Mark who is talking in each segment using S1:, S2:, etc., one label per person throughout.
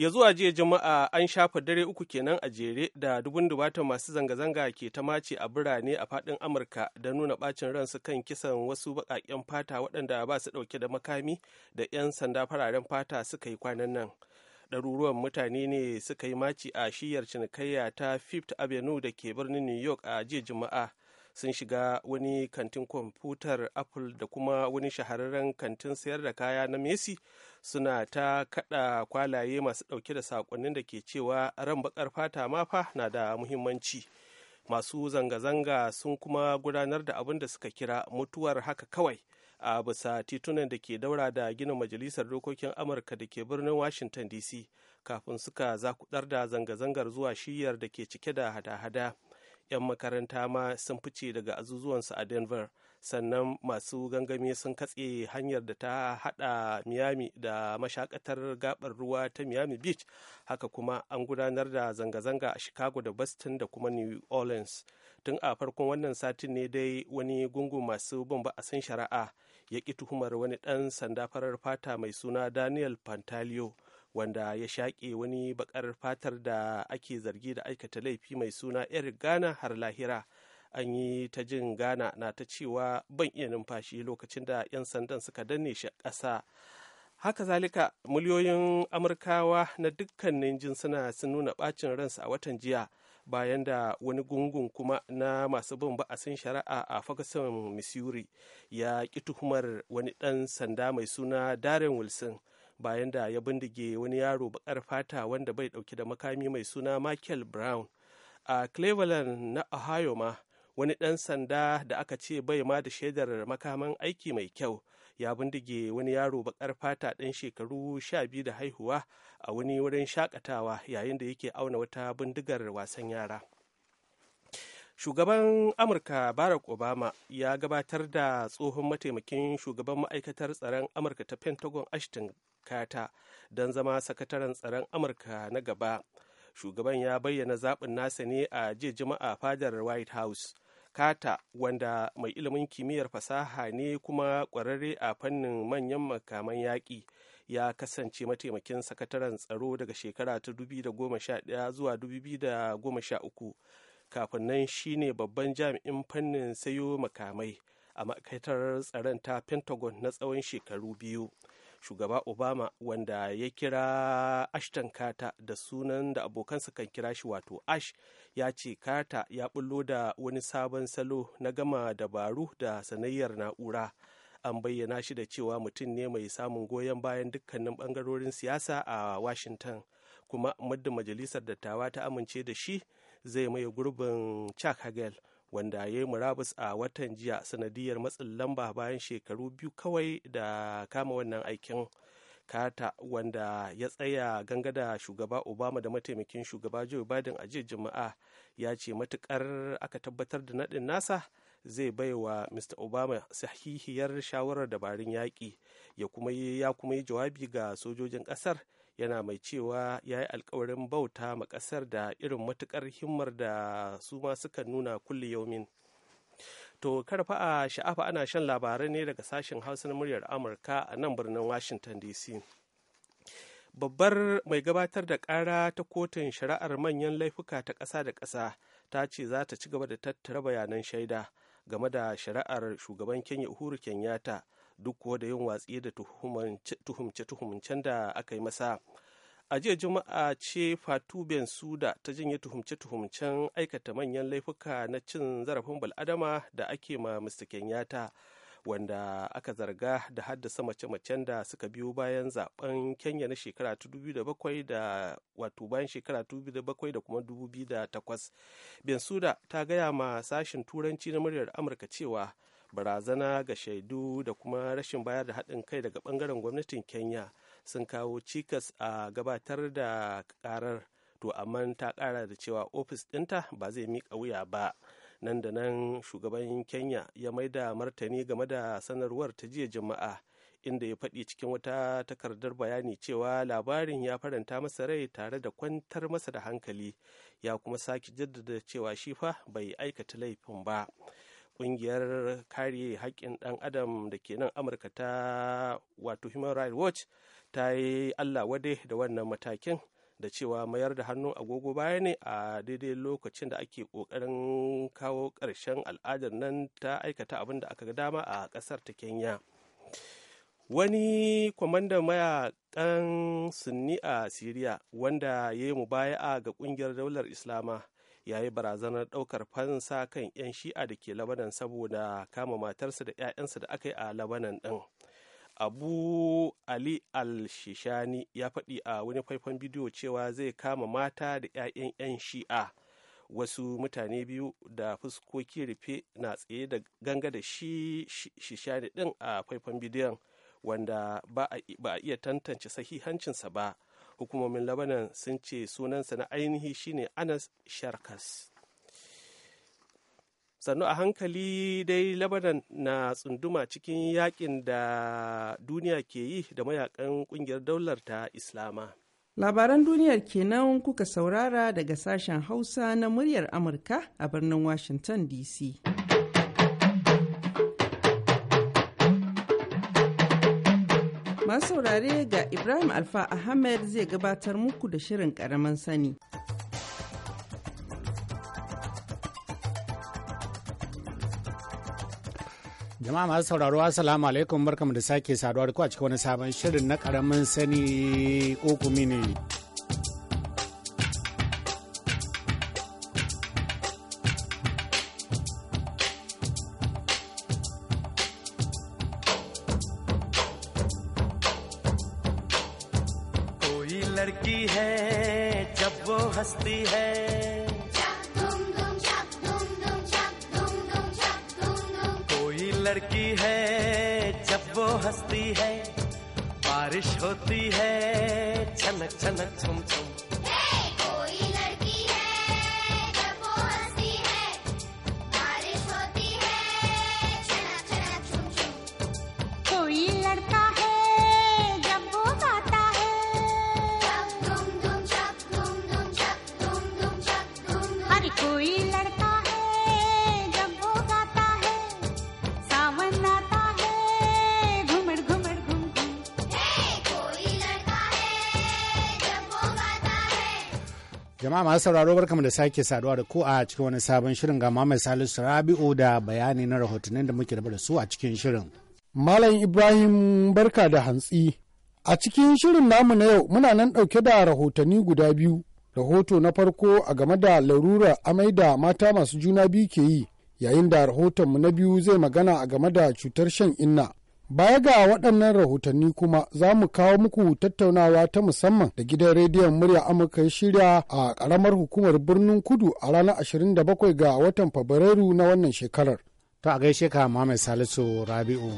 S1: ya zuwa jiya jama'a an shafa dare uku kenan a jere da dubun dubatan masu zanga-zanga ke ta mace a birane a fadin amurka da nuna bacin ransu kan kisan wasu baƙaƙen fata waɗanda ba su ɗauke da makami da 'yan sanda fararen fata suka yi kwanan nan ɗaruruwan mutane ne suka yi maci a shiyar cinikayya ta fifth avenue da ke birnin new york a jiya jama'a. sun shiga wani kantin kwamfutar apple da kuma wani shahararren kantin sayar da kaya na messi suna ta kada kwalaye masu dauke da sakonnin da ke cewa ran bakar fata mafa na da muhimmanci masu zanga-zanga sun kuma gudanar da abin da suka kira mutuwar haka kawai a bisa titunan da ke daura da gina majalisar dokokin amurka da ke birnin washington dc kafin suka zakudar da zanga-zangar zuwa shiyar da ke cike da hada-hada 'yan makaranta ma sun fice daga azuzuwansu a denver sannan masu gangami sun katse hanyar da ta hada miami da mashakatar gabar ruwa ta miami beach haka kuma an gudanar da zanga-zanga a chicago da boston da kuma new orleans tun a farkon wannan satin ne dai wani gungu masu bin ba'asin shari'a ya ki tuhumar wani ɗan sanda farar fata mai suna daniel pantalio wanda ya shaƙe wani bakar fatar da ake zargi da aikata laifi mai suna eric ghana har lahira an yi ta jin ghana na ta cewa ban iya numfashi lokacin da 'yan sandan suka danne shi ƙasa haka zalika miliyoyin amurkawa na dukkanin jinsuna sun nuna bacin ransu a watan jiya bayan da wani gungun kuma na masu bin ba'asin shari'a a ferguson missouri ya ƙi tuhumar wani ɗan sanda mai suna darren wilson bayan da ya bindige wani yaro bakar fata wanda bai dauki da makami mai suna michael brown a cleveland na ohio ma wani ɗan sanda da aka ce bai ma da shaidar makaman aiki mai kyau ya bindige wani yaro bakar fata ɗan shekaru sha biyu da haihuwa a wani wurin shakatawa yayin da yake auna wata bindigar wasan yara shugaban amurka barack obama ya gabatar da tsohon mataimakin shugaban ma'aikatar tsaron amurka ta pentagon ashton kata don zama sakataren tsaron amurka na gaba shugaban ya bayyana zaɓin nasa ne a jiya juma'a fadar white house kata wanda mai ilimin kimiyyar fasaha ne kuma ƙwararre a fannin manyan makaman yaƙi ya kasance mataimakin sakataren tsaro daga shekara ta 2011 zuwa 2013 kafin nan shine babban jami'in fannin sayo makamai a ma'aikatar tsaron ta pentagon na tsawon shekaru biyu shugaba obama wanda ya kira ashton kata da sunan da abokansa kan kira shi wato ash ya ce kata ya bullo da wani sabon salo na gama dabaru da sanayyar na'ura an bayyana shi da cewa mutum ne mai samun goyon bayan dukkanin bangarorin siyasa a washington kuma muddin majalisar dattawa ta amince da shi zai maye gurbin chuck hagel wanda ya yi murabus a watan jiya sanadiyar matsin lamba bayan shekaru biyu kawai da kama wannan aikin kata wanda ya tsaya gangada shugaba obama da mataimakin shugaba joe biden a jiya juma'a ya ce matukar aka tabbatar da naɗin nasa zai baiwa mr obama sahihiyar shawarar dabarun yaƙi ya kuma yi jawabi ga sojojin ƙasar yana mai cewa ya yi alkawarin bauta ma ƙasar da irin matuƙar himmar da su ma suka nuna kulli yaumin to karfa a sha'afa ana shan labarai ne daga sashen hausa na muryar amurka a nan birnin washington dc babbar mai gabatar da ƙara ta kotun shari'ar manyan laifuka ta ƙasa da ƙasa ta ce za ta ci gaba da tattara bayanan shaida game da shari'ar shugaban kenya uhuru kenyatta duk kuwa da yin watsi da tuhumce-tuhumcen da aka yi masa a jiya juma'a ce fatu bensuda ta janye tuhumce-tuhumcen aikata manyan laifuka na cin zarafin bal'adama da ake ma mr kenyatta wanda aka zarga da haddasa mace-macen da suka biyo bayan zaben kenya na shekara 2007 da wato bayan shekara 2007 da kuma 2008 bensuda ta gaya ma sashen turanci na muryar amurka cewa barazana ga shaidu da kuma rashin bayar da haɗin kai daga ɓangaren gwamnatin kenya sun kawo cikas a gabatar da karar to amma ta ƙara da cewa ofis ɗinta ba zai miƙa wuya ba nan da nan shugaban kenya ya maida martani game da sanarwar ta jiya jama'a inda ya faɗi cikin wata takardar bayani cewa labarin ya faranta masa rai tare da kwantar masa da hankali ya kuma sake jaddada cewa shi fa bai aikata laifin ba kungiyar kare haƙƙin ɗan adam da ke nan amurka ta wato human rights watch ta yi allah wade da wannan matakin da cewa mayar da hannu agogo baya ne a daidai lokacin da ake ƙoƙarin kawo ƙarshen al'adar nan ta aikata abin da aka ga dama a ƙasar ta kenya wani kwamandan mayakan sunni a siriya wanda ya yi mubaya'a ga ƙungiyar daular islama ya yi barazanar ɗaukar fansa kan 'yan shi'a da ke labanan saboda kama matarsa da 'ya'yansa da aka yi a labanan ɗin abu ali al-shishani ya faɗi a wani faifan bidiyo cewa zai kama mata da 'ya'yan 'yan shi'a wasu mutane biyu da fuskoki rufe na tsaye da ganga da shi shishani ɗin a faifan bidiyon wanda ba a iya tantance sahihancinsa ba. hukumomin labanan sun ce sunansa na ainihi shine anas sharkas sannu a hankali dai labanan na tsunduma cikin yakin da duniya ke yi da mayakan kungiyar daular ta islama
S2: labaran duniyar kenan kuka saurara daga sashen hausa na muryar amurka a birnin washington dc Masu saurare ga Ibrahim Alfa Ahmed zai gabatar muku da shirin ƙaramin sani.
S3: Jama'a masu sauraro Assalamu alaikum barkamu da sake saduwa da ku a cikin wani sabon shirin na karamin sani kokumi ne. Jama'a masu sauraro barkamu da sake saduwa da ku a cikin wani sabon shirin ga mamai Salisu Rabi'u da bayani na rahotannin da muke da su a cikin shirin. Malam Ibrahim barka da hantsi. A cikin shirin namu na yau muna nan ɗauke da rahotanni guda biyu. Rahoto na farko a game da larurar amai da mata masu juna biyu ke yi, yayin da rahotonmu na biyu zai magana a game da cutar shan inna. Baya ga waɗannan rahotanni kuma za mu kawo muku tattaunawa ta musamman da gidan rediyon murya Amurka ya shirya a ƙaramar hukumar birnin Kudu a ranar 27 ga watan Fabrairu na wannan shekarar. ta a gaishe ka Muhammad Salisu Rabi'u.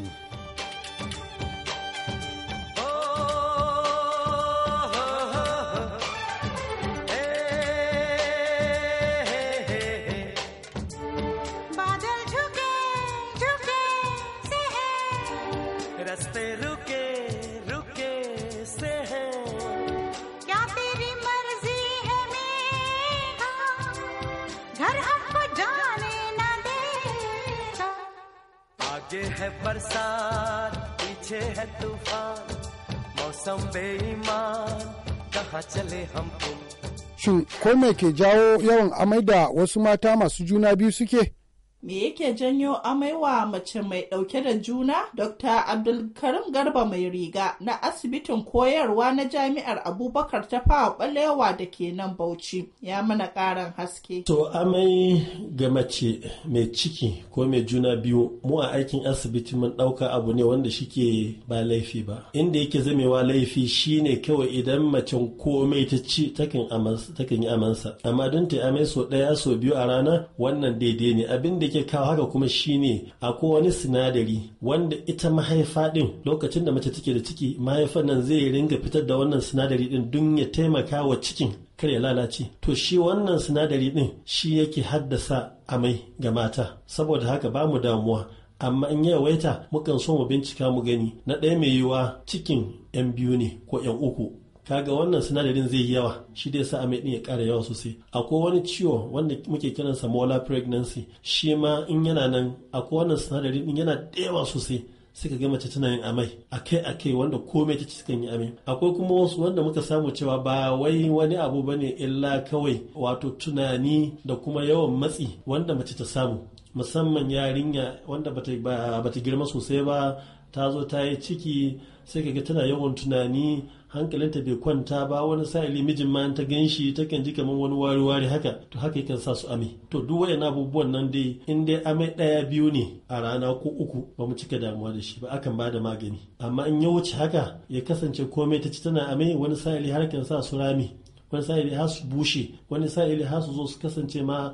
S3: Shin ko me ke jawo yawan amai da wasu mata masu juna biyu suke?
S2: Me yake janyo amaiwa mace mai ɗauke da juna? Dr. Abdulkarim Garba mai riga na asibitin koyarwa na jami'ar Abubakar ta fawa ɓalewa da ke nan Bauchi ya mana ƙarin haske.
S4: To amai ga mace mai ciki ko mai juna biyu mu a aikin asibiti mun ɗauka abu ne wanda shike ba laifi ba. Inda yake zamewa laifi shine kawai idan mace komai ta ci takan yi amansa. Amma don ta amai so ɗaya so biyu a rana wannan daidai ne abin da yake kawo haka kuma shine akwai wani sinadari wanda ita mahaifa ɗin lokacin da mace take da ciki mahaifan nan zai ringa fitar da wannan sinadari ɗin don ya taimaka wa cikin kar ya lalace to shi wannan sinadari din shi yake haddasa amai ga mata saboda haka ba mu damuwa amma in yi yawaita mukan so mu bincika mu gani na ɗaya mai yiwuwa cikin 'yan biyu ne ko 'yan uku kaga wannan sinadarin zai yi yawa shi dai sa amai din ya kara yawa sosai akwai wani ciwo wanda muke kiran sa molar pregnancy shi ma in yana nan akwai wannan sinadarin din yana da yawa sosai suka ga mace tana yin amai akai akai wanda komai ta ci sukan yi amai akwai kuma wasu wanda muka samu cewa ba wai wani abu bane illa kawai wato tunani da kuma yawan matsi wanda mace ta samu musamman yarinya wanda bata girma sosai ba ta zo ta yi ciki sai kaga tana yawan tunani hankalinta bai kwanta ba wani sa'ili mijin ma ta gan shi kan ji kamar wani wari wari haka to haka yakan sa su amai to duk wayannan abubuwan nan dai in dai amai ɗaya biyu ne a rana ko uku ba mu cika damuwa da shi ba akan da magani amma in ya wuce haka ya kasance komai ta ci tana amai wani sa'ili har kan sa su rami wani sa'ili har su bushe wani sa'ili har su zo su kasance ma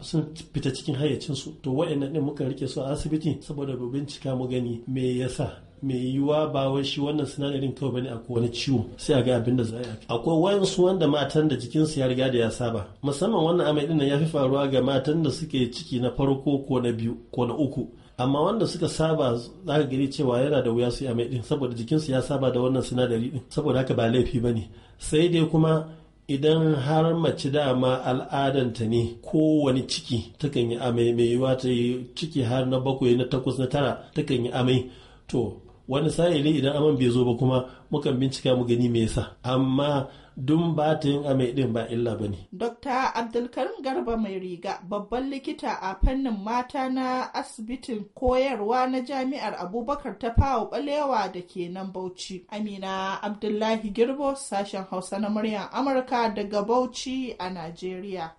S4: sun fita cikin hayyacinsu to wa'annan ɗin muka rike su a asibiti saboda mu bincika mu gani me yasa me yiwuwa ba wai shi wannan sinadarin kawai bane akwai wani ciwo sai a ga abin da za a akwai wayansu wanda matan da jikinsu ya riga da ya saba musamman wannan amai ɗin ya fi faruwa ga matan da suke ciki na farko ko na biyu ko na uku amma wanda suka saba za ka gani cewa yana da wuya su yi amai din saboda jikinsu ya saba da wannan sinadari ɗin saboda haka ba laifi bane sai dai kuma idan har mace dama al'adanta ne kowane ciki takan yi amai mai yiwa ta yi ciki har na bakwai na takwas na tara takan yi amai to wani sa'ili idan aman bai zo ba kuma mukan bincika mu gani me yasa amma dun ba ta yin amai din ba illa ba ne.
S2: Dokta Abdulkarim Garba mai riga babban likita a fannin mata na asibitin koyarwa na jami'ar Abubakar ta fawo balewa da ke nan Bauchi. Amina Abdullahi Girbo sashen Hausa na muryar Amurka daga Bauchi a Najeriya.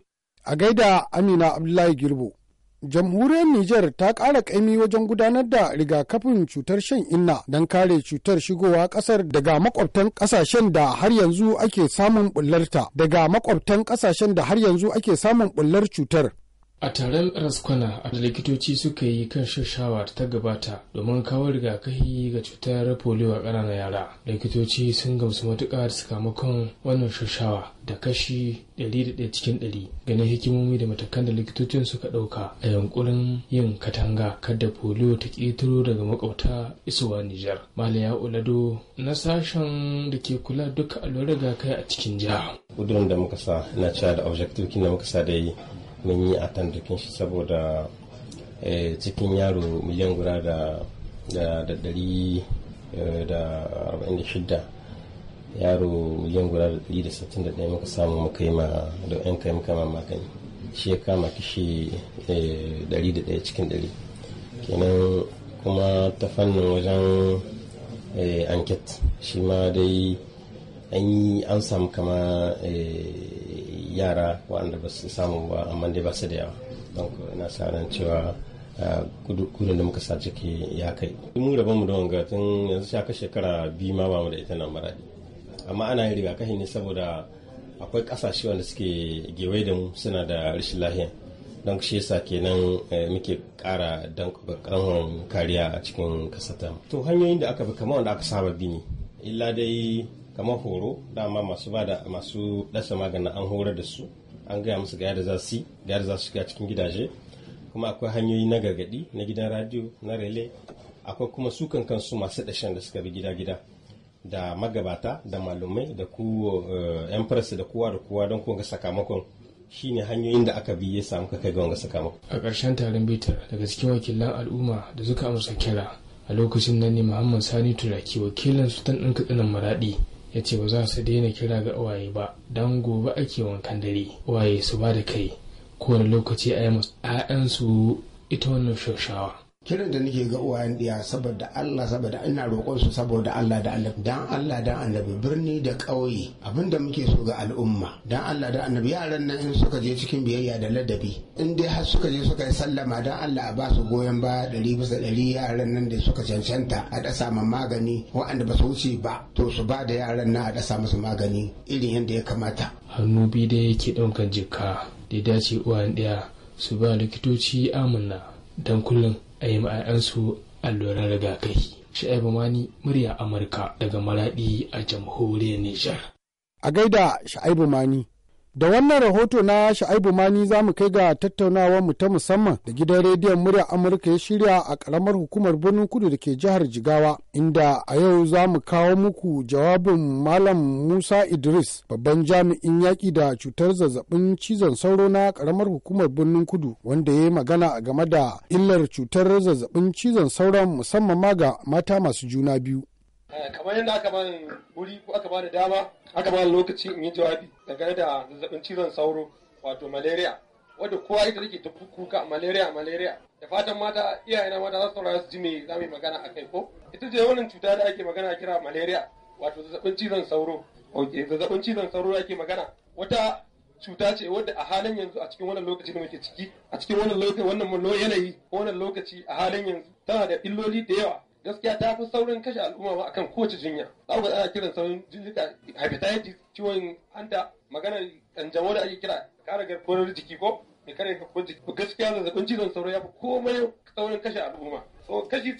S3: A gaida Amina Abdullahi Girbo. jamhuriyar Nijar ta ƙara ƙaimi wajen gudanar da rigakafin cutar shan inna don kare cutar shigowa ƙasar daga makwabtan ƙasashen da har yanzu ake samun bullarta daga makwabtan ƙasashen da har yanzu ake samun bullar cutar
S5: a taron raskwana da likitoci suka yi kan shashawa ta gabata domin kawo rigakafi ga cutar polio a ƙananan yara likitoci sun gamsu matuƙa sakamakon wannan shashawa da kashi 100 cikin 100 ganin hikimomi da matakan da likitocin suka ɗauka a yankurin yin katanga kada polio ta ƙetaro daga makwabta isowa nijar malaya olado na sashen da ke kula duka allurar rigakafi a cikin jiha
S6: ƙudurin da muka sa na cewa da objective da muka sa da yi mun yi atantakin shi saboda eh, cikin yaro miliyan guda da ɗari eh, da arba'in da shidda yaro miliyan guda da ɗari da sittin da ɗaya muka samu muka yi ma da yan kai muka ma magani shi ya kama kishi eh, ɗari da ɗaya cikin ɗari kenan kuma ta fannin wajen anket shi ma dai an yi an samu kama yara waɗanda ba su samu ba amma dai ba su da yawa don ina sa cewa ah, gudun da muka sa ciki ya kai mu da bamu da wanga tun yanzu shaka shekara biyu ma bamu da ita nan maradi amma ana yin rigakafi ne saboda akwai kasashe wanda suke gewaye da mu suna da rashin lahiya don shi yasa kenan eh, muke kara don karfin kariya a cikin kasata to hanyoyin da aka bi kamar wanda aka saba bi ne illa dai kamar horo dama masu ba da masu dasa maganin an horar da su an gaya musu ga yadda za su yi ga yadda za su shiga cikin gidaje kuma akwai hanyoyi na gargadi na gidan radio na rele akwai kuma su kansu masu dashen da suka bi gida-gida da magabata da malumai da ku eh, yan da kowa da kowa don kuma ga sakamakon shine hanyoyin da aka bi ya samu ka kai ga wanga sakamakon
S5: a ƙarshen taron bitar daga cikin wakilan al'umma da suka amsa kira a lokacin nan ne muhammad sani turaki wakilan sultan ɗin katsinan maraɗi ya ce ba za su daina kira ga uwaye ba don gobe ake wankan dare uwaye su ba da kai kowane lokaci a yi 'ya'yansu ita wannan shawara.
S6: kiran da nake ga uwayen diya saboda Allah saboda ina roƙon su saboda Allah da Annabi dan Allah da Annabi birni da ƙauye abinda muke so ga al'umma dan Allah da Annabi yaran nan in suka je cikin biyayya da ladabi in dai har suka je suka yi sallama dan Allah a ba su goyon baya ɗari bisa ɗari yaran nan da suka cancanta a dasa ma magani waɗanda ba su wuce ba to su ba da yaran nan a dasa musu magani irin yadda
S5: ya kamata hannu biyu da yake ɗaukan jikka da dace uwayen ɗaya su ba likitoci amina dan kullum a yi ma'ayansu alluran rigakafi. Sha'ibu Mani murya Amurka daga Maradi a jamhuriyar Nijar.
S3: A gaida Sha'ibu Mani. Da wannan rahoto na Sha'aibu Mani za mu kai ga tattaunawar mu ta musamman da gidan rediyon murya Amurka ya shirya a ƙaramar hukumar birnin kudu da ke jihar Jigawa, inda a yau za mu kawo muku jawabin Malam Musa Idris, babban jami'in yaƙi da cutar zazzabin cizon sauro na ƙaramar hukumar birnin kudu, wanda ya yi magana game da illar cutar zazzabin cizon sauron musamman ma ga mata masu juna biyu.
S7: Eh, kamar yadda aka bani wuri ko aka bani dama aka bani lokaci in yi jawabi dangane da zazzabin cizon sauro wato malaria wadda kowa ita take ta kuka malaria malaria da fatan mata iyayena mata za su saurara su ji me za mu yi magana a kai ko ita ce wannan cuta da ake magana kira malaria wato zazzabin cizon sauro ok zazzabin cizon sauro da ake magana wata cuta ce wadda a halin yanzu a cikin wannan lokaci da muke ciki a cikin wannan lokaci wannan yanayi ko wannan lokaci a halin yanzu tana da illoli da yawa gaskiya ta fi saurin kashe al'umma ba akan kowace jinya za ku ana kiran saurin jinjita hepatitis ciwon hanta maganar kanjamo da ake kira kara garkuwar jiki ko mai kare garkuwar jiki gaskiya zazzabin cizon sauro ya fi komai saurin kashe al'umma so kashi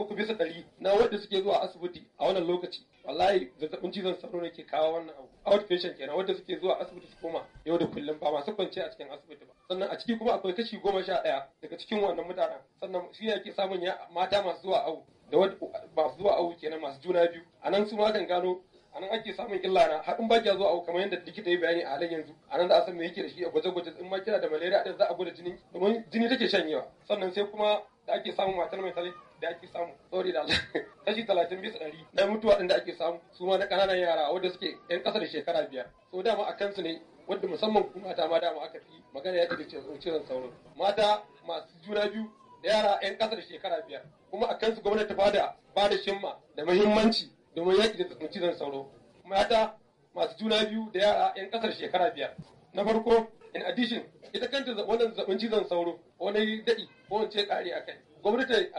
S7: uku bisa ɗari na wanda suke zuwa asibiti a wannan lokaci wallahi zazzabin cizon sauro ne ke kawo wannan abu outpatient kenan wanda suke zuwa asibiti su koma yau da kullum ba masu kwance a cikin asibiti ba sannan a ciki kuma akwai kashi goma sha ɗaya daga cikin wannan mutanen sannan shi ne ake samun mata masu zuwa awo da masu zuwa awo kenan masu juna biyu a nan su ma kan gano a nan ake samun illa na haɗin ba kya zuwa awo kamar yadda likita ya bayani a halin yanzu a nan za a san me yake da shi a gwaje-gwaje in ma kina da malaria da za a gwada jini domin jini take shanyewa sannan sai kuma da ake samun matar mai tsari da ake samu sauri da Allah kashi talatin bisa ɗari na mutuwa ɗin da ake samu su ma na ƙananan yara wadda suke yan ƙasa da shekara biyar so dama a kansu ne wadda musamman mata ma dama aka fi magana ya da cizon sauro mata masu juna biyu da yara yan ƙasa da shekara biyar kuma a kansu gwamnati ba da ba da shimma da muhimmanci domin yaƙi da cizon sauro mata masu juna biyu da yara 'yan ƙasar shekara biyar na farko in addition ita kanta wannan zaɓen cizon sauro wani daɗi ko wance ƙari a kai gwamnati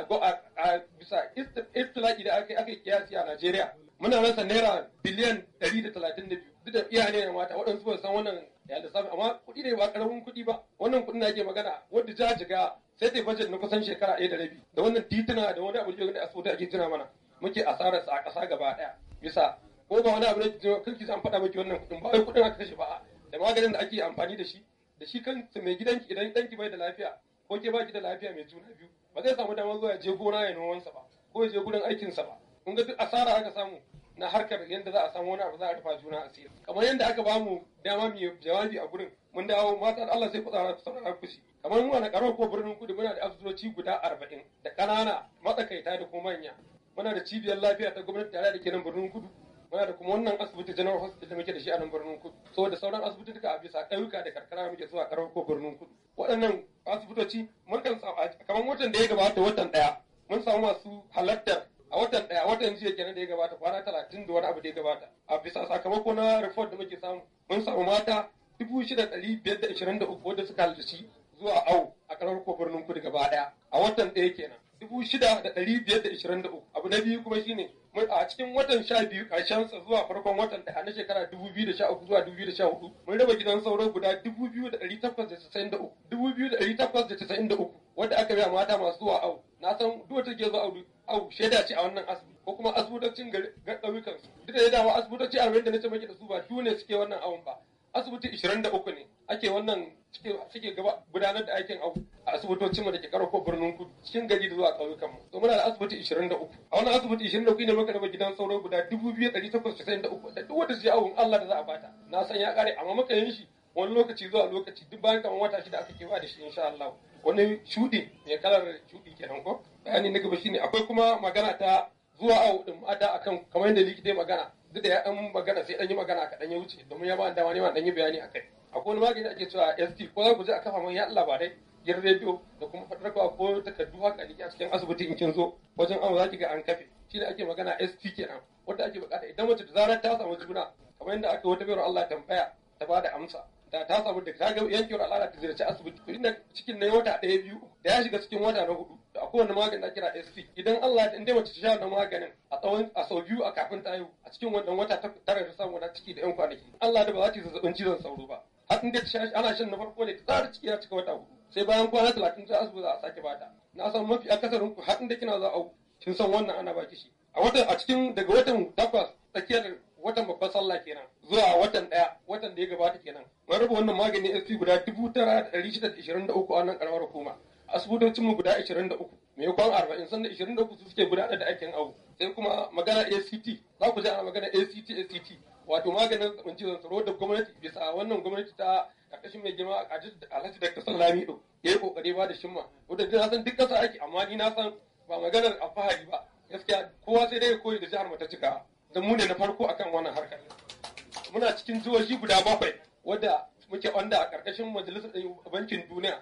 S7: a bisa istilaki da aka yi kiyasi a najeriya muna rasa naira biliyan 132 duk da iyaye na mata waɗansu ba san wannan ya lissafi amma kuɗi ne ba ƙaramin kuɗi ba wannan kuɗin da ake magana wanda ta jiga sai ta budget na kusan shekara ɗaya da rabi da wannan tituna da wani abu da asibiti ake tuna mana muke asararsa a ƙasa gaba ɗaya bisa ko ba wani abu da kirki an faɗa maki wannan kuɗin ba wai kuɗin aka kashe ba da maganin da ake amfani da shi da shi kansa mai gidanki idan ɗanki bai da lafiya ko ke ki da lafiya mai juna biyu ba zai samu damar zuwa ya je gona ya nomansa ba ko ya je gurin aikinsa ba kun ga duk asara aka samu na harkar yadda za a samu wani abu za a rufa juna asiri kamar yadda aka bamu dama mu jawabi a gurin mun dawo matan Allah sai kusa ku saurara ku shi kamar mu na karo ko birnin kudu muna da asibitoci guda arba'in da ƙanana matsakaita da kuma manya muna da cibiyar lafiya ta gwamnati tare da kenan birnin kudu muna da kuma wannan asibiti general hospital da muke da shi a nan birnin kudu so da sauran asibiti duka a bisa ƙauyuka da karkara muke zuwa karamar ko birnin kudu waɗannan asibitoci mun kan kamar watan da ya gabata watan ɗaya mun samu masu halartar a watan daya watan jiya kenan da ya gabata kwana talatin da wani abu da ya gabata a bisa sakamako na report da muke samu mun samu mata dubu shida ɗari biyar da ishirin da uku wadda suka halarci zuwa awo a karar ko birnin kudu gaba daya a watan ɗaya kenan dubu shida da ɗari biyar da ishirin da uku abu na biyu kuma shine a cikin watan sha biyu sa zuwa farkon watan da na shekara dubu biyu da sha uku zuwa dubu biyu da sha hudu mun raba gidan sauro guda dubu biyu da ɗari takwas da casa'in da uku dubu biyu da ɗari takwas da casa'in da uku wadda aka biya mata masu zuwa au na san duk wata ke zuwa au au shaida ce a wannan asibiti ko kuma asibitocin ƙauyukan su duk da ya dama asibitoci arba'in da na ce maki da su ba duk ne suke wannan awon ba asibiti ishirin da uku ne ake wannan suke gaba gudanar da aikin a asibitocin mu da ke karo ko birnin kudu cikin gari da zuwa ƙauyukan mu to muna da asibiti 23 a wannan asibiti 23 ne muka raba gidan sauro guda 2893 da duk wata su awon Allah da za a bata na san ya kare amma muka yin shi wani lokaci zuwa lokaci duk bayan kamar wata shida aka kewa da shi insha Allah wani shudi ne kalar shudi kenan ko bayani na gaba shine akwai kuma magana ta zuwa awo din ada akan kamar yadda likita magana duk da ya dan magana sai dan yi magana dan ya wuce domin ya ba dama ne ma dan yi bayani akai akwai wani magani ake cewa ST ko za ku je a kafa mun ya labarai gidan rediyo da kuma fadarwa ko takardu haka ne a cikin asibiti in kin zo wajen an zaki ki ga an kafe ne ake magana ST kenan wanda ake bukata idan mace da zarar ta samu juna kamar yadda aka wata bayar Allah tambaya ta bada amsa da ta samu da ta ga yankewar al'ada ta ziyarci asibiti to da cikin nan wata ɗaya biyu da ya shiga cikin wata na hudu da akwai wani magani da kira ST idan Allah in inda mace ta sha wannan maganin a tsawon a sau biyu a kafin ta haihu a cikin wannan wata tara ta samu wata ciki da yan kwanaki Allah da ba za ta zazzabin cizon sauro ba da har inda ana shan na farko ne tsara ciki ya cika wata hudu sai bayan kwana talatin sai asibi za a sake bata na san mafi akasarin ku har da kina za a kin san wannan ana baki shi a watan a cikin daga watan takwas tsakiyar watan babban sallah kenan zuwa watan daya watan da ya gabata kenan mun raba wannan magani SP guda dubu tara da ɗari shida da ishirin da uku a nan karamar hukuma asibitocin mu guda 23 mai kwan 40 sanda 23 su suke gudanar da aikin abu sai kuma magana ACT za ku ji ana magana ACT ACT wato maganin zazzabin cizon sauro da gwamnati bisa wannan gwamnati ta ƙarƙashin mai girma alhaji da kasar lamido ya yi kokari ba da shimma wadda na san duk kasa ake amma ni na san ba maganar alfahari ba gaskiya kowa sai dai ya koyi da jihar ta cika da mu ne na farko akan wannan harkar muna cikin jihohi guda bakwai wadda muke wanda a ƙarƙashin majalisar bankin duniya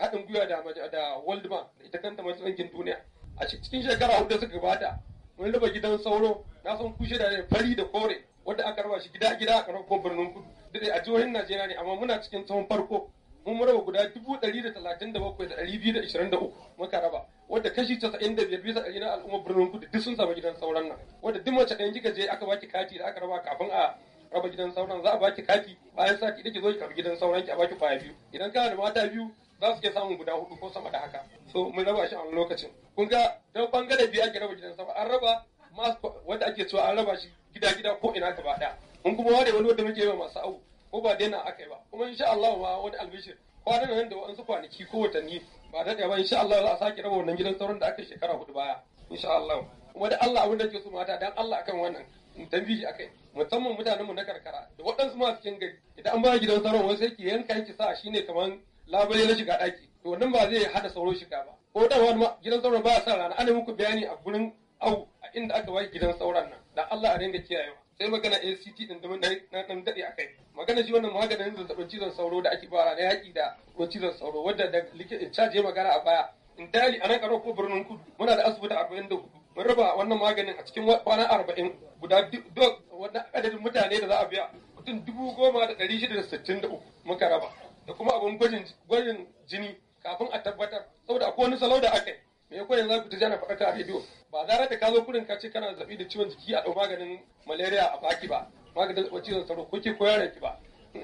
S7: haɗin gwiwa da world bank da ita kanta majalisar bankin duniya a cikin shekara hudu suka gabata mun raba gidan sauro na san kushe da fari da kore wanda aka raba shi gida gida aka raba birnin kudu dade a jihohin Najeriya ne amma muna cikin tsawon farko mun raba guda dubu ɗari da talatin da bakwai da ɗari biyu da ishirin da uku muka raba wadda kashi casa'in da biyar bisa ɗari na al'ummar birnin kudu duk sun samu gidan sauran nan wadda duk mace ɗayan kika je aka baki kati da aka raba kafin a raba gidan sauran za a baki kati bayan sati da ki zo ki karbi gidan sauran ki a baki kwaya biyu idan kana da mata biyu za su iya samun guda hudu ko sama da haka so mun raba shi a wani lokacin kun ga don bangare biyu ake raba gidan sama an raba wanda ake cewa an raba shi gida-gida ko ina gaba ɗaya mun kuma ware wani wanda muke yi masu awu ko ba daina aka yi ba kuma insha Allah ma wani albishir kwanan nan da wasu kwanaki ko watanni ba da ba insha Allah za a sake raba wannan gidan sauran da aka shekara hudu baya insha Allah kuma da Allah abin da ke so mata dan Allah akan wannan tambayi akai musamman mutanenmu na karkara da waɗansu masu cikin gari idan an ba gidan sauran wasu yake yanka yake sa shine kaman labarai na shiga ɗaki to wannan ba zai hada sauro shiga ba ko da wani gidan sauran ba sa rana ana muku bayani a gurin inda aka waki gidan sauran nan da Allah a dinga kiyayewa sai magana ACT din da mun dade akai magana shi wannan maganin zazzabin cizon sauro da ake fara ne yaki da cizon sauro wadda da in caje magana a baya in dali a nan karo ko birnin kudu muna da asibiti 44 mun raba wannan maganin a cikin kwana 40 guda duk wannan adadin mutane da za a biya mutum dubu goma da ɗari shida da sittin da uku muka raba da kuma abin gwajin jini kafin a tabbatar saboda akwai wani salau da aka me ya kwanin za ku ta jana faɗaka a rediyo ba zarar da ka kurin ka ce kana zaɓi da ciwon jiki a ɗau maganin malaria a baki ba maganin zaɓa cizon sauro ko ke koya da ki ba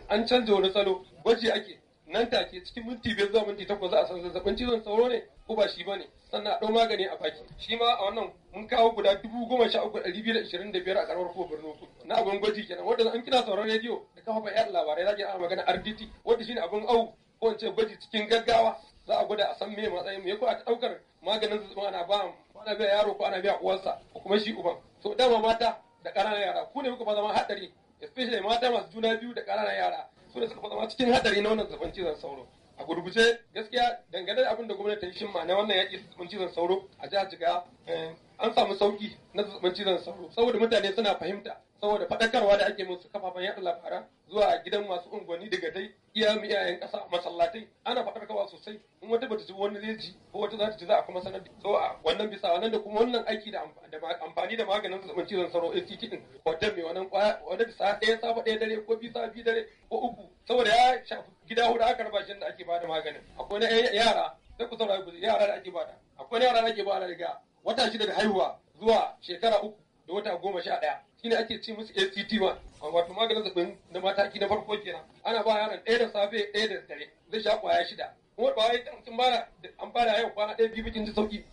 S7: an canza wani salo gwaji ake nan take cikin minti biyar zuwa minti takwas za a san zazzabin cizon sauro ne ko ba shi ba ne sannan a ɗau magani a baki shi ma a wannan mun kawo guda dubu goma sha uku ɗari biyu da ishirin da biyar a ƙaramar ko birnin ku na abin gwaji kenan wanda an kina sauran rediyo da kafa yaɗa labarai za ki magana rdt wanda ne abin au ko in ce gwaji cikin gaggawa za a gwada a san me matsayin me ko a daukar maganin zazzabin ana ba ana biya yaro ko ana biya uwarsa ko kuma shi uban so dama mata da ƙananan yara ku ne kuka fa zama hadari especially mata masu juna biyu da ƙananan yara su ne suka fa zama cikin hadari na wannan zazzabin cizon sauro a gurguje gaskiya dangane da abin da gwamnati ta yi shimma na wannan yaƙi zazzabin cizon sauro a jihar jigawa eh, an samu sauki na zazzabin cizon sauro saboda mutane suna fahimta saboda faɗakarwa da ake musu kafafen yaɗa labaran zuwa gidan masu unguwanni daga dai iya mu iyayen ƙasa masallatai ana kawa sosai in wata bata ji wani zai ji ko wata zata ta ji za a kuma sanar da so a wannan bisa wannan da kuma wannan aiki da amfani da maganin zazzabin cizon sauro ACT din wata mai wannan kwaya wata bisa ɗaya safa ɗaya dare ko bisa biyu dare ko uku saboda ya shafi gida hudu aka raba shi da ake bada maganin akwai na yara sai ku saurari ku yara da ake bada akwai na yara da ake bada daga wata shida da haihuwa zuwa shekara uku da wata goma sha ɗaya shine ake ce musu ACT1 wato maganin zazzabin na mataki na farko kenan ana ba yaron ɗaya da safe ɗaya da dare zai sha ƙwaya shida kuma ba wai mutum ba an fara yau kwana ɗaya biyu bikin ji sauki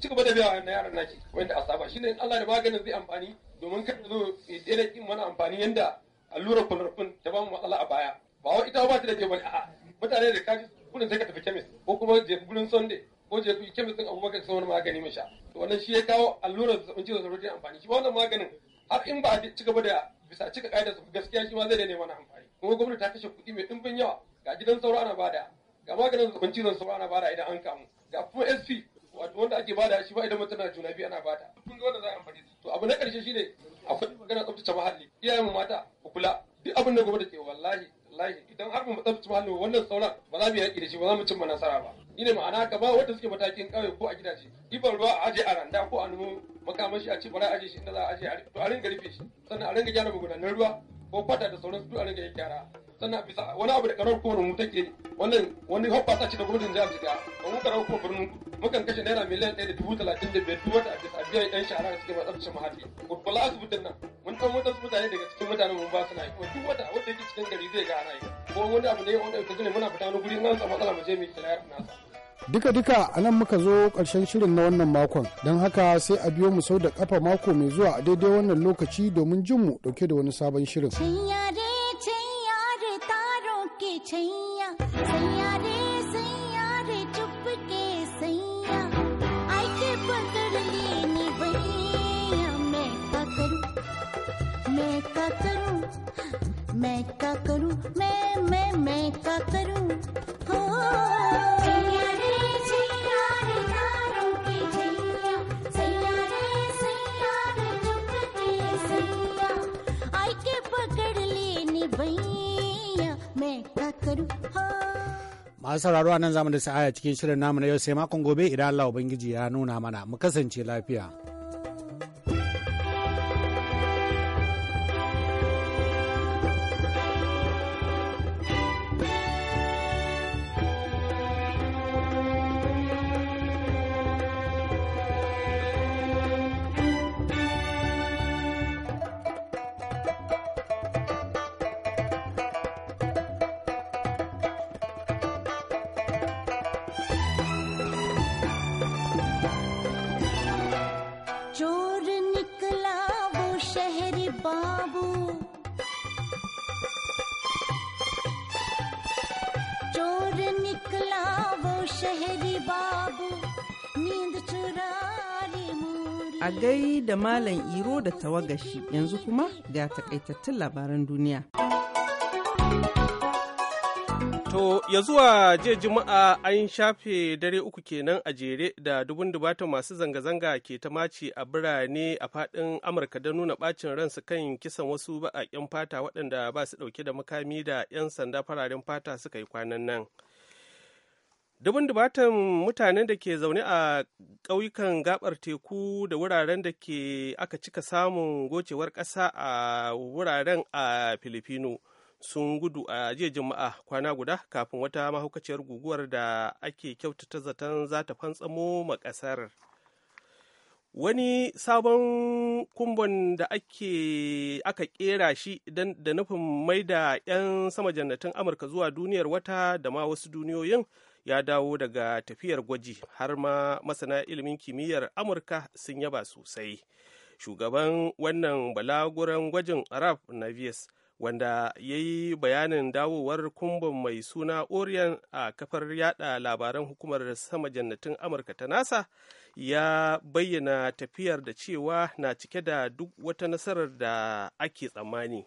S7: ci gaba da biya na yaron naki wanda a saba shine Allah da maganin zai amfani domin kada zo ya daina kin mana amfani yanda allurar kulurfin ta ba mu matsala a baya ba wai ita ba ta da ke bane a'a mutane da kaji kuna sai ka tafi kemis ko kuma je gurin sunday ko je kemis din abubakar sai wani magani mai sha to wannan shi ya kawo allurar zazzabin cizon sauro amfani shi wannan maganin har in ba a ci gaba da bisa cika ƙa'idar su gaskiya shi ma zai daina mana amfani kuma gwamnati ta kashe kuɗi mai ɗimbin yawa ga gidan sauro ana bada ga maganin zaɓen cizon sauro ana bada idan an kamu ga kuma sp wanda ake bada shi ba idan mutum na juna biyu ana bada kun ga wanda za a amfani to abu na ƙarshe shine akwai magana tsaftace muhalli iyayen mu mata ku kula duk abin da gwamnati ke wallahi wallahi idan har mu tsaftace muhalli wannan sauran ba za mu yaƙi da shi ba za mu cimma nasara ba ne ma'ana ka ba wanda suke matakin ƙauye ko a gidaje ɗiban ruwa a aje a randa ko a nemo makamashi a ci bara aje shi inda za a aje a ringa rufe shi sannan a ringa gyara magudanar ruwa ko kwata da sauran su a ringa gyara sannan bisa wani abu da karar ko mu take wannan wani hoppasa ce da gudun jihar Jiga ba mu karar ko birnin mukan kashe naira miliyan ɗaya da dubu talatin da biyar duk wata a bisa biyan ɗan shahara da suke matsabcin mahalli gurbala asibitin nan mun ɗan wata su mutane daga cikin mutanen mun ba suna yi kuma duk wata wanda yake cikin gari zai ga ana yi ko wani abu da ne wanda ka ne muna fita wani guri nan an samu matsala mu je mu yi sana'ar nasa
S3: Duka-duka a nan muka zo ƙarshen shirin na wannan makon, don haka sai a biyo mu sau da ƙafa mako mai zuwa a daidai wannan lokaci domin jin mu ɗauke da wani sabon shirin.
S2: मैं क्या करूं मैं मैं मैं क्या करूं हो shekaru
S3: masu sauraro nan zamu da sa'aya cikin shirin namu na yau sai makon gobe idan Allah ubangiji ya nuna mana mu kasance lafiya
S2: Malam Iro da tawagashi yanzu kuma ga takaitattun labaran duniya.
S1: To, ya zuwa jiya Juma'a an shafe dare uku kenan a jere da dubun dubatan masu zanga-zanga ke ta maci a birane a faɗin Amurka don nuna ɓacin ransu kan kisan wasu baƙaƙen fata waɗanda ba su ɗauke da makami da 'yan sanda fararen fata suka yi kwanan nan. dubin dubatan mutanen da ke zaune a ƙauyukan gabar teku da wuraren da ke aka cika samun gocewar ƙasa a wuraren a filifino sun gudu a jiya juma'a kwana guda kafin wata mahaukaciyar guguwar da ake kyautata zaton za fantsamo ma ƙasar wani sabon kumbon da ake aka kera shi da nufin mai da 'yan sama jannatin amurka zuwa duniyar wata da ma wasu duniyoyin ya dawo daga tafiyar gwaji har ma masana ilimin kimiyyar amurka sun yaba sosai shugaban wannan balaguran gwajin arab navies wanda ya yi bayanin dawowar kumbin mai suna orion a kafar yada labaran hukumar sama jannatin amurka ta nasa ya bayyana tafiyar da cewa na cike da duk wata nasarar da ake tsammani